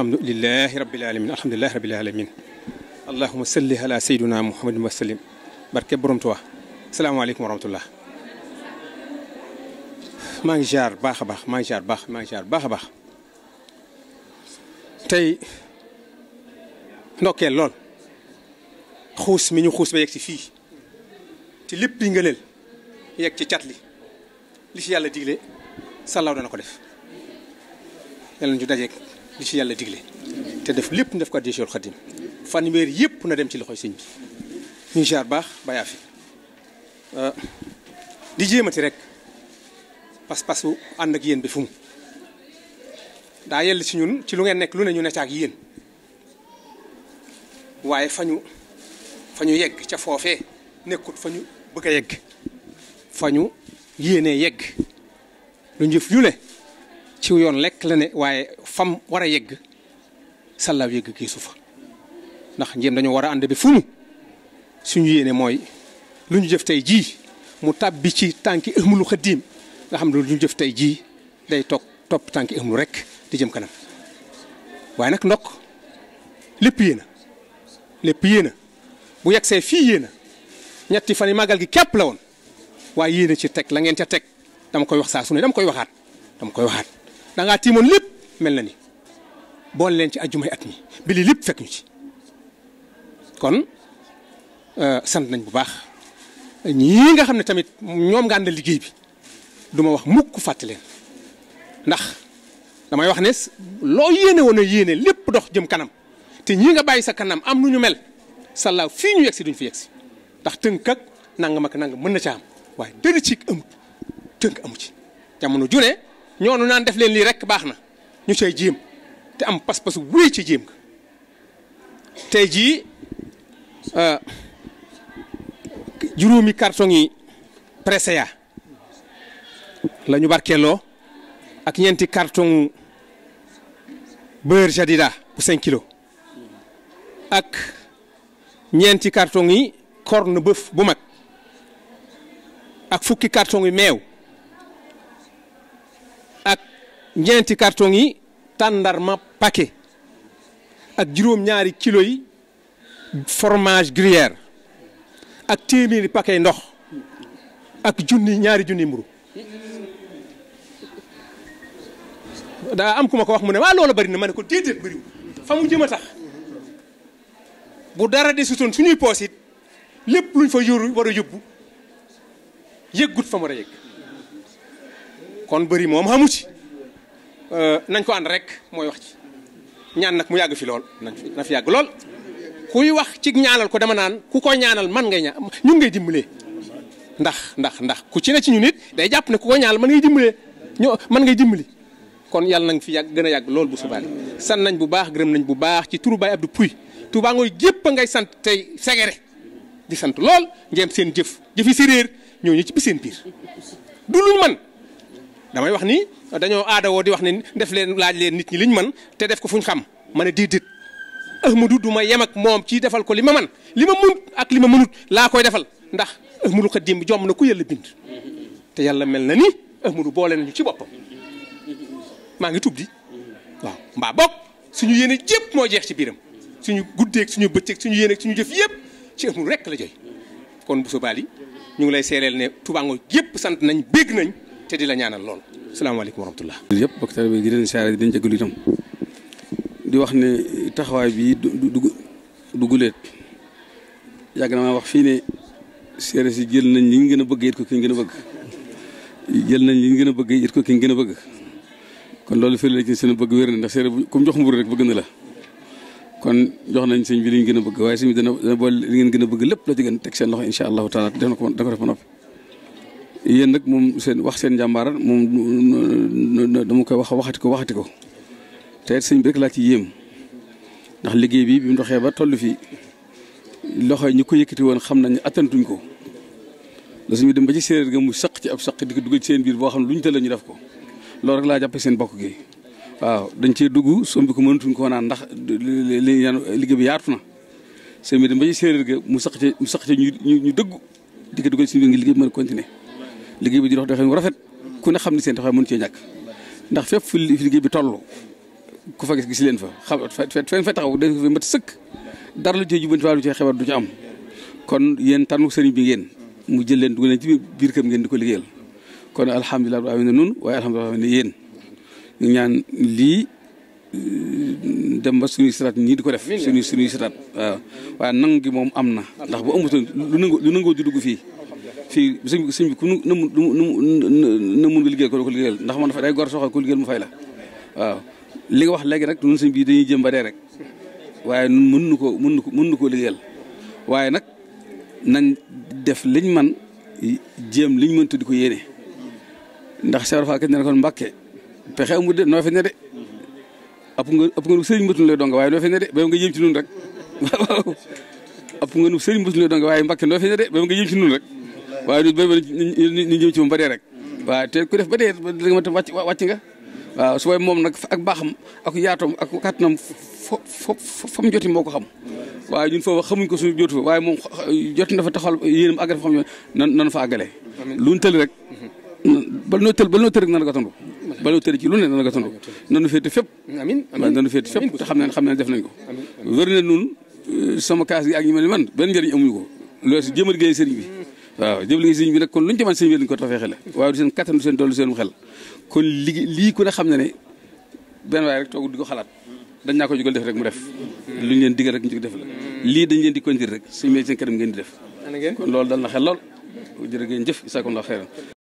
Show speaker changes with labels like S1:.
S1: alhamdu lillahi rabbil alamin alhamdulillahi rabbil alamin allahuma salli ala sayyidina muhammadin wa sallim barke borom Tuuba salaamaaleykum wa maa ngi jaar baax a baax maa ngi jaar baax maa ngi baax a baax tey ndokkeel lool xuus mi ñu xuus ba yegg ci fii ci lépp di ngëneel yegg ci cat li li ci yàlla digle sàllaaw dana ko def li ci yàlla digle te def lépp def ko addi Seexul Xadim fanweer yëpp na dem ci loxoy sëñ bi ñu jaar baax bàyyi fi euh, di jéemati rek pas-pasu ànd ak yéen bi fu mu daa yell ci ñun ci lu ngeen nekk lu ne ñu ne ak yéen waaye fa ñu fa ñu yegg ca foofee nekkut fa ñu bëgg a yegg fa ñu yéenee yegg lu njëf yu ne ci yoon lekk la ne waaye fam war a yegg sallaaw yegg kii sufa ndax njéem dañoo war a ànd bi fu mu suñu yéene mooy lu ñu jëf tey jii mu tàbbi ci tànki ëmlu xaddiim nga xam ne lu ñu jëf tey jii day toog topp tànki ëmlu rek di jëm kanam waaye nag ndokk lépp yéena lépp yéena bu yegsee fii yéena ñetti fan yi màggal gi képp la woon waaye yéena ci teg la ngeen ca teg dama koy wax saa su ne dama koy waxaat dama koy waxaat da ngaa tiimoon lépp mel na ni bool leen ci ajjumay at mi bi lépp fekk ñu ci kon euh, sant nañ bu baax ñii nga xam ne tamit ñoom nga àndal liggéey bi duma wax mukk fàtte leen ndax damay wax ne loo yéene woon a yéene lépp dox jëm kanam te ñii nga bàyyi sa kanam am nu ñu mel sallaaw fii ñu yegsi duñ fi yegsi ndax tënk ak nangam ak nangam mën na ca am waaye dëri ci amut tënk amu ci jamono june ñoonu naan def leen lii rek baax na ñu cay jéem te am pas-pas wéy ci jéem tey jii euh, juróomi carton yi Presea la ñu ak ñeenti carton beurre Jadida bu 5 ak ñeenti carton yi corne bœuf bu mag ak fukki carton yi meew. ñeenti carton yi tàndarma paquet ak juróom-ñaari kilo yi fromage ak téeméeri paquet ndox ak junni ñaari junni mburu daa am ku ma ko wax mu ne waa loola bari na ma ne ko déedéet bëriwul fa mu jëm a tax bu dara desutoon suñuy poos it lépp luñ fa yóru war a yóbbu yëggut fa mu war kon bëri moom xamu ci Euh, nañ ko ànd rek mooy wax ci ñaan nag mu yàgg fi lool nañ na fi yàgg lool kuy wax ci ñaanal ko dama naan ku ko ñaanal man ngay ñaan ñun ngay dimbalee ndax ndax ndax ku ci ne ci ñun it day jàpp ne ku ko ñaanal man ngay dimbalee ñoo man ngay dimbali kon yàlla nañ fi yàgg gën yàgg lool bu subaale san nañ bu baax gërëm nañ bu baax ci turu Baye Abdou Pouy Touba Ngoye gépp a ngay sant tey segere di sant lool ngeem seen jëf jëfi séréer ñoo ñu ci bi seen biir du lu man damay wax nii dañoo aadawoo di wax ne def leen laaj leen nit ñi liñ man te def ko fu ñu xam ma ne diidit ahmadu du ma yem ak moom ci defal ko li ma man li ma mun ak li ma mënut laa koy defal ndax ahmadu xadim jomb na ku yàlla bind te yàlla mel na ni ahmadu boole nañu ci boppam maa ngi tub di waaw mbaa bokk suñu yéene jépp moo jeex ci biiram suñu guddeeg suñu bëccëg suñu yéene suñu jëf yëpp ci ahmadu rekk la joy kon bu sobaal yi ñu ngi lay seereel ne tubaango yëpp sant nañ bégg nañ te di la ñaanal lool salaamaaleykum wa rahmatullah.
S2: yëpp bokk taalibe bi di leen siyaare di wax ne taxawaay bii du du du guleet yàgg na maa wax fii ne séeréer si jël nañ li ñu gën a bëgg it ko ki ñu gën a bëgg jël gën a a bëgg kon loolu fii la seen bëgg wér ndax séeréer bu comme jox mburu rek bëgg na la kon jox nañ sëñ bi li gën a bëgg waaye sëñ bi dana dana li ngeen gën a bëgg lépp la ci gën teg seen loxo incha allahu taala def ko def ko yéen nag moom seen wax seen njàmbaaral moom dama koy wax waxati ko waxati ko te sëñ bi rek laa ci yéem ndax liggéey bi bi mu doxee ba toll fii loxo yi ñu ko yëkkati woon xam nañu attantuñ ko la suñu dem ba ci séeréer ga saq ci ab saq di dugg ci seen biir boo xam ne lu ñu tëla ñu def ko loolu rek laa jàppe seen bokk gi waaw dañ cee dugg sombi ko mënatuñ ko naan ndax liggéey bi yaatu na sëñ bi dem ba ci séeréer mu saq ci mu saq ci ñu ñu dëgg di ko dugg ci seen biir ngi liggéey bi mën a liggéey bi di dox doxee mu rafet ku ne xam ni seen taxawaay mënu cee ñàkk ndax fépp fi liggéey bi toll ku fa gis leen fa xam fenn fa taxaw dañ ko fi mat sëkk dara lu cee cee xebar du ci am kon yéen tànnu sëriñ bi ngeen mu jël leen dugal leen ci biir kër ngeen di ko liggéeyal kon alhamdulilah rabbil alamin nun waaye alhamdulilah ne yéen ñu ñaan lii euh, dem ba suñuy siraat ñii di ko def suñuy suñuy siraat waaw waaye nangu gi moom am na ndax boo amutoon lu nangoo lu nangoo dugg fii fii sëñ bi sëñ bi ku na mun na mun nga liggéeyal ko liggéeyal ndax man fa day gor soxal ko liggéeyal mu fay la waaw li wax léegi nag ñun sëñ dañuy jëm ba rek waaye ñun mën nu ko mën nu ko mën nu koo liggéeyal waaye nag nañ def liñ man jéem liñ mën tuddi ko yéene ndax Cheikh Fall kenn ne kon Mbàkke pexe amul de noo fi ne de a nga ëpp nga nu sëriñ mbëtun lay donga waaye noo fi ne de ba nga donga waaye Mbàkke noo fi de ba nga jéem ci nun rek waaye nit bëri nit ñi jëm ci moom ba dee rek waaw te ku def ba dee danga ma tam wàcc wàcc nga waaw su boobee moom nag ak baaxam ak yaatoom ak kàttanam fo fo fa mu joti moo ko xam waaye ñun foofu xamuñ ko suñu jotu fa waaye moom jot na fa taxawal yéenam àggale fa xam ne nan nan fa àggale luñ tëli rek bal noo tël bal noo tël rek nan ko tontu bal noo tël ci lu ne nan ko tontu nanu féete fépp amiin waaw nanu féete fépp te xam ne xam ne def nañ ko wër na nun euh, sama kaas gi ak ñu mel ni man benn njëriñ amuñu ko loolu si jéemal géey sëriñ bi waaw jëf liggéey sëñ bi nag kon lu ñu ci mën sëñ bi lañ ko tafee xele waaye du seen kattan du seen dool seen xel kon ligi lii ku ne xam ne ne benn waaye rek toog di ko xalaat dañ naa ko jógal def rek mu def lu ñu leen digal rek ñu jóg def la lii dañ leen di kondir rek suñu mee seen kanam ngeen di def kon loolu dal na xel lool jërë ngeen jëf isakum la xeyran